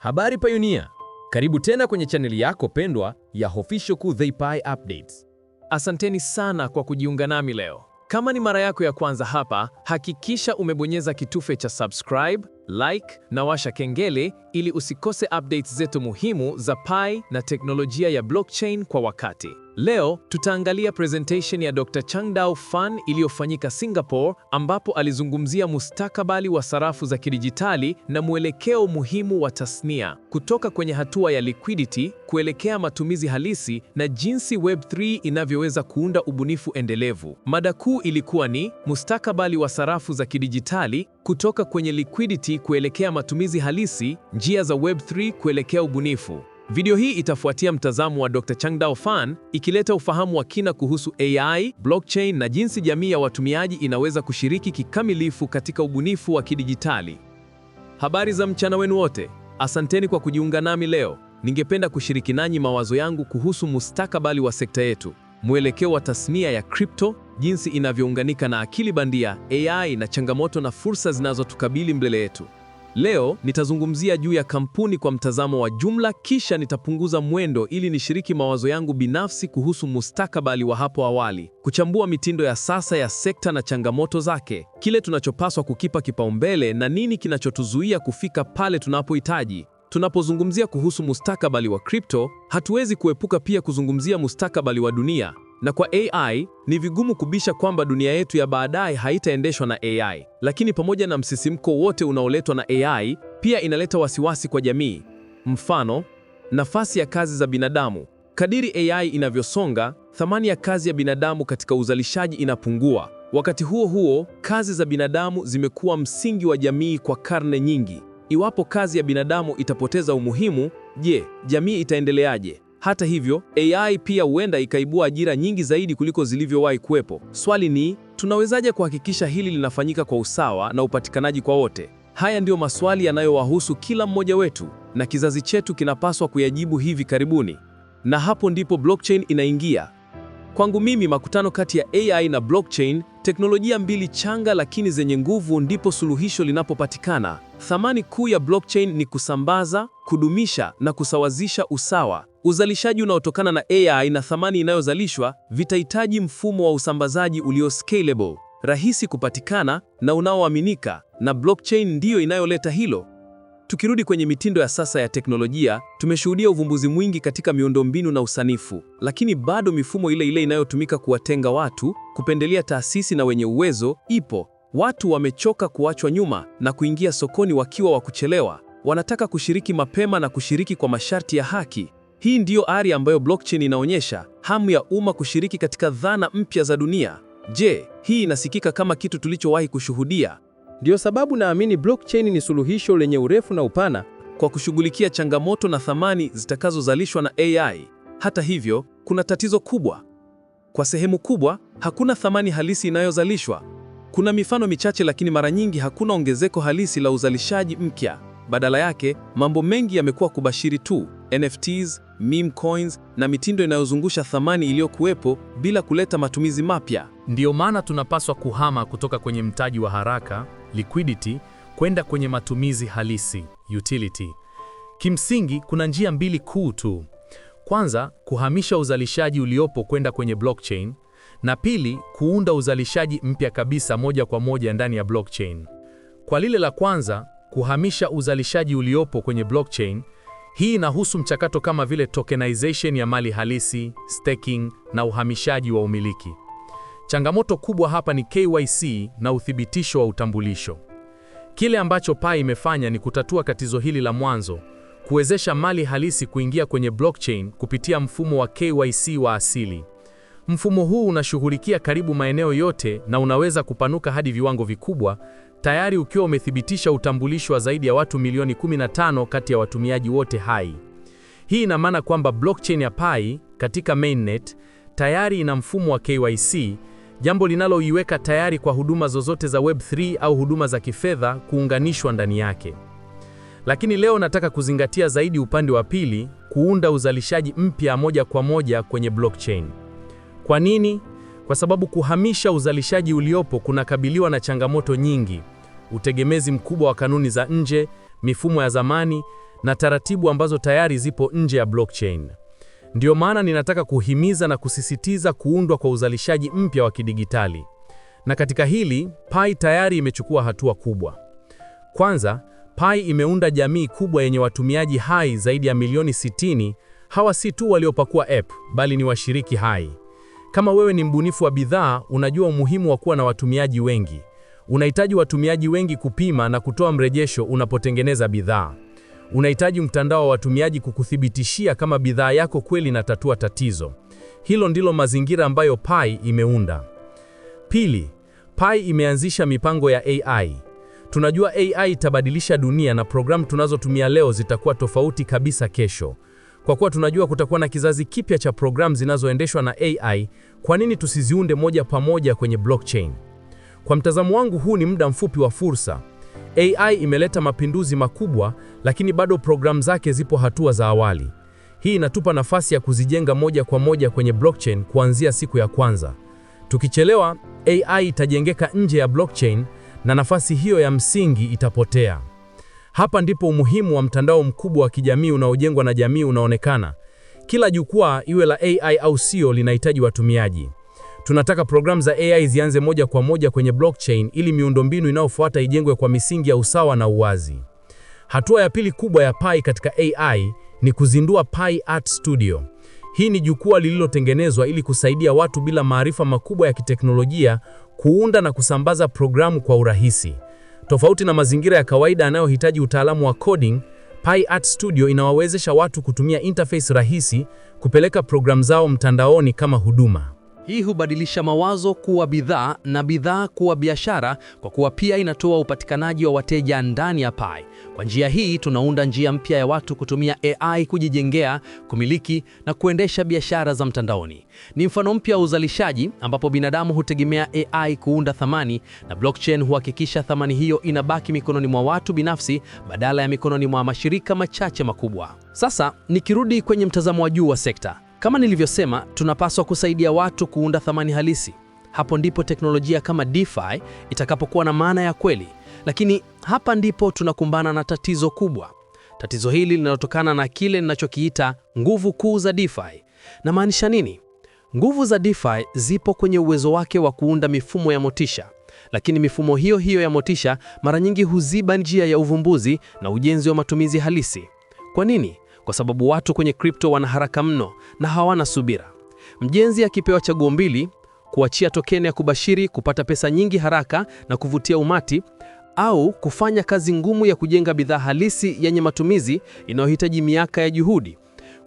Habari payunia, karibu tena kwenye chaneli yako pendwa ya Official Kutheipai Updates. Asanteni sana kwa kujiunga nami leo. Kama ni mara yako ya kwanza hapa, hakikisha umebonyeza kitufe cha subscribe, like na washa kengele ili usikose updates zetu muhimu za Pi na teknolojia ya blockchain kwa wakati. Leo tutaangalia presentation ya Dr. Changdao Fan iliyofanyika Singapore ambapo alizungumzia mustakabali wa sarafu za kidijitali na mwelekeo muhimu wa tasnia kutoka kwenye hatua ya liquidity kuelekea matumizi halisi na jinsi Web3 inavyoweza kuunda ubunifu endelevu. Mada kuu ilikuwa ni mustakabali wa sarafu za kidijitali kutoka kwenye liquidity kuelekea matumizi halisi, njia za Web3 kuelekea ubunifu. Video hii itafuatia mtazamo wa Dr. Changdao Fan ikileta ufahamu wa kina kuhusu AI, blockchain na jinsi jamii ya watumiaji inaweza kushiriki kikamilifu katika ubunifu wa kidijitali. Habari za mchana wenu wote. Asanteni kwa kujiunga nami leo. Ningependa kushiriki nanyi mawazo yangu kuhusu mustakabali wa sekta yetu, mwelekeo wa tasnia ya crypto, jinsi inavyounganika na akili bandia, AI na changamoto na fursa zinazotukabili mbele yetu. Leo nitazungumzia juu ya kampuni kwa mtazamo wa jumla, kisha nitapunguza mwendo ili nishiriki mawazo yangu binafsi kuhusu mustakabali wa hapo awali, kuchambua mitindo ya sasa ya sekta na changamoto zake, kile tunachopaswa kukipa kipaumbele na nini kinachotuzuia kufika pale tunapohitaji. Tunapozungumzia kuhusu mustakabali wa kripto, hatuwezi kuepuka pia kuzungumzia mustakabali wa dunia. Na kwa AI ni vigumu kubisha kwamba dunia yetu ya baadaye haitaendeshwa na AI, lakini pamoja na msisimko wote unaoletwa na AI, pia inaleta wasiwasi kwa jamii. Mfano, nafasi ya kazi za binadamu. Kadiri AI inavyosonga, thamani ya kazi ya binadamu katika uzalishaji inapungua. Wakati huo huo, kazi za binadamu zimekuwa msingi wa jamii kwa karne nyingi. Iwapo kazi ya binadamu itapoteza umuhimu, je, jamii itaendeleaje? Hata hivyo, AI pia huenda ikaibua ajira nyingi zaidi kuliko zilivyowahi kuwepo. Swali ni, tunawezaje kuhakikisha hili linafanyika kwa usawa na upatikanaji kwa wote? Haya ndiyo maswali yanayowahusu kila mmoja wetu na kizazi chetu kinapaswa kuyajibu hivi karibuni. Na hapo ndipo blockchain inaingia. Kwangu mimi, makutano kati ya AI na blockchain, teknolojia mbili changa lakini zenye nguvu, ndipo suluhisho linapopatikana. Thamani kuu ya blockchain ni kusambaza, kudumisha na kusawazisha usawa. Uzalishaji unaotokana na AI na thamani inayozalishwa vitahitaji mfumo wa usambazaji ulio scalable, rahisi kupatikana na unaoaminika, na blockchain ndiyo inayoleta hilo. Tukirudi kwenye mitindo ya sasa ya teknolojia, tumeshuhudia uvumbuzi mwingi katika miundombinu na usanifu, lakini bado mifumo ile ile inayotumika kuwatenga watu, kupendelea taasisi na wenye uwezo ipo. Watu wamechoka kuachwa nyuma na kuingia sokoni wakiwa wa kuchelewa. Wanataka kushiriki mapema na kushiriki kwa masharti ya haki. Hii ndiyo ari ambayo blockchain inaonyesha, hamu ya umma kushiriki katika dhana mpya za dunia. Je, hii inasikika kama kitu tulichowahi kushuhudia? Ndiyo sababu naamini blockchain ni suluhisho lenye urefu na upana kwa kushughulikia changamoto na thamani zitakazozalishwa na AI. Hata hivyo, kuna tatizo kubwa. Kwa sehemu kubwa, hakuna thamani halisi inayozalishwa. Kuna mifano michache, lakini mara nyingi hakuna ongezeko halisi la uzalishaji mpya. Badala yake, mambo mengi yamekuwa kubashiri tu, NFTs, meme coins na mitindo inayozungusha thamani iliyokuwepo bila kuleta matumizi mapya. Ndiyo maana tunapaswa kuhama kutoka kwenye mtaji wa haraka liquidity kwenda kwenye matumizi halisi utility. Kimsingi kuna njia mbili kuu tu. Kwanza, kuhamisha uzalishaji uliopo kwenda kwenye blockchain, na pili, kuunda uzalishaji mpya kabisa moja kwa moja ndani ya blockchain. Kwa lile la kwanza, kuhamisha uzalishaji uliopo kwenye blockchain, hii inahusu mchakato kama vile tokenization ya mali halisi, staking na uhamishaji wa umiliki. Changamoto kubwa hapa ni KYC na uthibitisho wa utambulisho. Kile ambacho Pi imefanya ni kutatua tatizo hili la mwanzo, kuwezesha mali halisi kuingia kwenye blockchain kupitia mfumo wa KYC wa asili. Mfumo huu unashughulikia karibu maeneo yote na unaweza kupanuka hadi viwango vikubwa, tayari ukiwa umethibitisha utambulisho wa zaidi ya watu milioni 15 kati ya watumiaji wote hai. Hii ina maana kwamba blockchain ya Pi katika mainnet tayari ina mfumo wa KYC jambo linaloiweka tayari kwa huduma zozote za Web3 au huduma za kifedha kuunganishwa ndani yake. Lakini leo nataka kuzingatia zaidi upande wa pili, kuunda uzalishaji mpya moja kwa moja kwenye blockchain. Kwa nini? Kwa sababu kuhamisha uzalishaji uliopo kunakabiliwa na changamoto nyingi: utegemezi mkubwa wa kanuni za nje, mifumo ya zamani na taratibu ambazo tayari zipo nje ya blockchain. Ndiyo maana ninataka kuhimiza na kusisitiza kuundwa kwa uzalishaji mpya wa kidigitali. Na katika hili, Pai tayari imechukua hatua kubwa. Kwanza, Pai imeunda jamii kubwa yenye watumiaji hai zaidi ya milioni 60. Hawa si tu waliopakua app, bali ni washiriki hai. Kama wewe ni mbunifu wa bidhaa, unajua umuhimu wa kuwa na watumiaji wengi. Unahitaji watumiaji wengi kupima na kutoa mrejesho unapotengeneza bidhaa. Unahitaji mtandao wa watumiaji kukuthibitishia kama bidhaa yako kweli inatatua tatizo. Hilo ndilo mazingira ambayo Pi imeunda. Pili, Pi imeanzisha mipango ya AI. Tunajua AI itabadilisha dunia na programu tunazotumia leo zitakuwa tofauti kabisa kesho. Kwa kuwa tunajua kutakuwa na kizazi kipya cha programu zinazoendeshwa na AI, kwa nini tusiziunde moja pamoja kwenye blockchain? Kwa mtazamo wangu, huu ni muda mfupi wa fursa. AI imeleta mapinduzi makubwa, lakini bado programu zake zipo hatua za awali. Hii inatupa nafasi ya kuzijenga moja kwa moja kwenye blockchain kuanzia siku ya kwanza. Tukichelewa, AI itajengeka nje ya blockchain na nafasi hiyo ya msingi itapotea. Hapa ndipo umuhimu wa mtandao mkubwa wa kijamii unaojengwa na jamii unaonekana. Kila jukwaa, iwe la AI au sio, linahitaji watumiaji. Tunataka programu za AI zianze moja kwa moja kwenye blockchain ili miundombinu inayofuata ijengwe kwa misingi ya usawa na uwazi. Hatua ya pili kubwa ya Pi katika AI ni kuzindua Pi Art Studio. Hii ni jukwaa lililotengenezwa ili kusaidia watu bila maarifa makubwa ya kiteknolojia kuunda na kusambaza programu kwa urahisi. Tofauti na mazingira ya kawaida yanayohitaji utaalamu wa coding, Pi Art Studio inawawezesha watu kutumia interface rahisi kupeleka programu zao mtandaoni kama huduma. Hii hubadilisha mawazo kuwa bidhaa na bidhaa kuwa biashara, kwa kuwa pia inatoa upatikanaji wa wateja ndani ya Pi. Kwa njia hii tunaunda njia mpya ya watu kutumia AI kujijengea, kumiliki na kuendesha biashara za mtandaoni. Ni mfano mpya wa uzalishaji ambapo binadamu hutegemea AI kuunda thamani na blockchain huhakikisha thamani hiyo inabaki mikononi mwa watu binafsi badala ya mikononi mwa mashirika machache makubwa. Sasa nikirudi kwenye mtazamo wa juu wa sekta kama nilivyosema, tunapaswa kusaidia watu kuunda thamani halisi. Hapo ndipo teknolojia kama DeFi itakapokuwa na maana ya kweli. Lakini hapa ndipo tunakumbana na tatizo kubwa. Tatizo hili linalotokana na kile ninachokiita nguvu kuu za DeFi. Na maanisha nini? Nguvu za DeFi zipo kwenye uwezo wake wa kuunda mifumo ya motisha, lakini mifumo hiyo hiyo ya motisha mara nyingi huziba njia ya uvumbuzi na ujenzi wa matumizi halisi. Kwa nini? kwa sababu watu kwenye kripto wana haraka mno na hawana subira. Mjenzi akipewa chaguo mbili, kuachia tokeni ya kubashiri kupata pesa nyingi haraka na kuvutia umati, au kufanya kazi ngumu ya kujenga bidhaa halisi yenye matumizi inayohitaji miaka ya juhudi.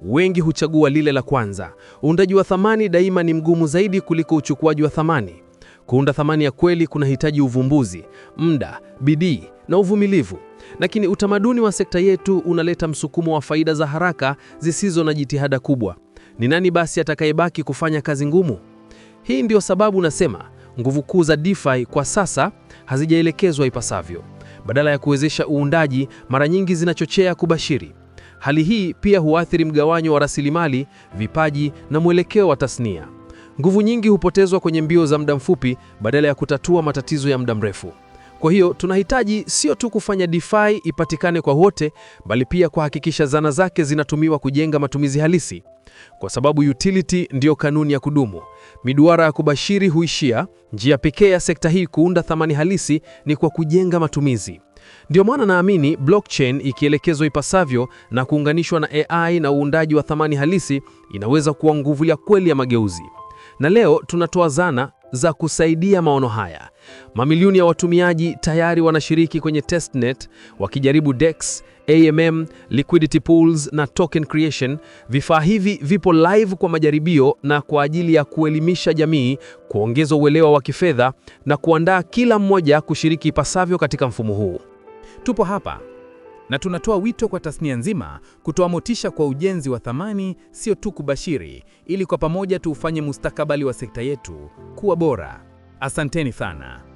Wengi huchagua lile la kwanza. Uundaji wa thamani daima ni mgumu zaidi kuliko uchukuaji wa thamani. Kuunda thamani ya kweli kunahitaji uvumbuzi, muda, bidii na uvumilivu. Lakini utamaduni wa sekta yetu unaleta msukumo wa faida za haraka zisizo na jitihada kubwa. Ni nani basi atakayebaki kufanya kazi ngumu? Hii ndiyo sababu nasema nguvu kuu za DeFi kwa sasa hazijaelekezwa ipasavyo. Badala ya kuwezesha uundaji, mara nyingi zinachochea kubashiri. Hali hii pia huathiri mgawanyo wa rasilimali, vipaji na mwelekeo wa tasnia. Nguvu nyingi hupotezwa kwenye mbio za muda mfupi badala ya kutatua matatizo ya muda mrefu. Kwa hiyo tunahitaji sio tu kufanya DeFi ipatikane kwa wote, bali pia kuhakikisha zana zake zinatumiwa kujenga matumizi halisi, kwa sababu utility ndiyo kanuni ya kudumu. Miduara ya kubashiri huishia. Njia pekee ya sekta hii kuunda thamani halisi ni kwa kujenga matumizi. Ndiyo maana naamini blockchain ikielekezwa ipasavyo na kuunganishwa na AI na uundaji wa thamani halisi inaweza kuwa nguvu ya kweli ya mageuzi na leo tunatoa zana za kusaidia maono haya. Mamilioni ya watumiaji tayari wanashiriki kwenye testnet wakijaribu DEX, AMM, liquidity pools na token creation. Vifaa hivi vipo live kwa majaribio na kwa ajili ya kuelimisha jamii, kuongeza uelewa wa kifedha na kuandaa kila mmoja kushiriki ipasavyo katika mfumo huu. Tupo hapa na tunatoa wito kwa tasnia nzima kutoa motisha kwa ujenzi wa thamani, sio tu kubashiri, ili kwa pamoja tuufanye mustakabali wa sekta yetu kuwa bora. Asanteni sana.